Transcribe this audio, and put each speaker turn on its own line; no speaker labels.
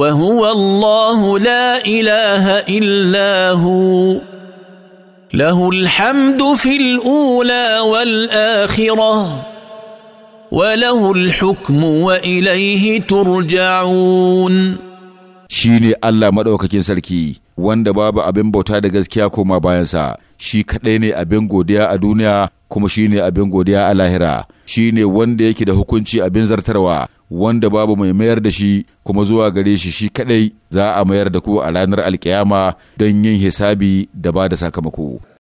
وهو الله لا illahu الا هو fil الحمد في الاولى والاخره وله الحكم واليه ترجعون
shine Allah maɗaukakin sarki wanda babu abin bauta da gaskiya koma bayansa shi kaɗai ne abin godiya a duniya kuma shine abin godiya a lahira shine wanda yake da hukunci abin zartarwa wanda babu mai mayar da shi kuma zuwa gare
shi shi kadai za a mayar da ku a ranar alkiyama don yin hisabi da ba da sakamako